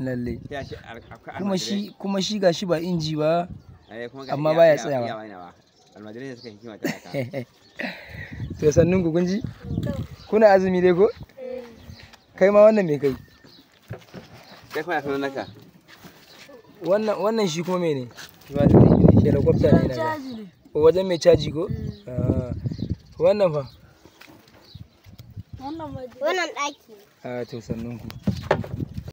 lalle kuma shi kuma shi gashi ba inji ba eh, amma baya tsayawa almajirai suka hikima ta to sannun ku kunji kuna azumi dai ko kai ma wannan me kai kai kuma sunan naka wannan wannan shi kuma mene shi da kwafta ne na wajen mai caji ko mm. ah. wannan fa wannan ɗaki a ah, to sannun ku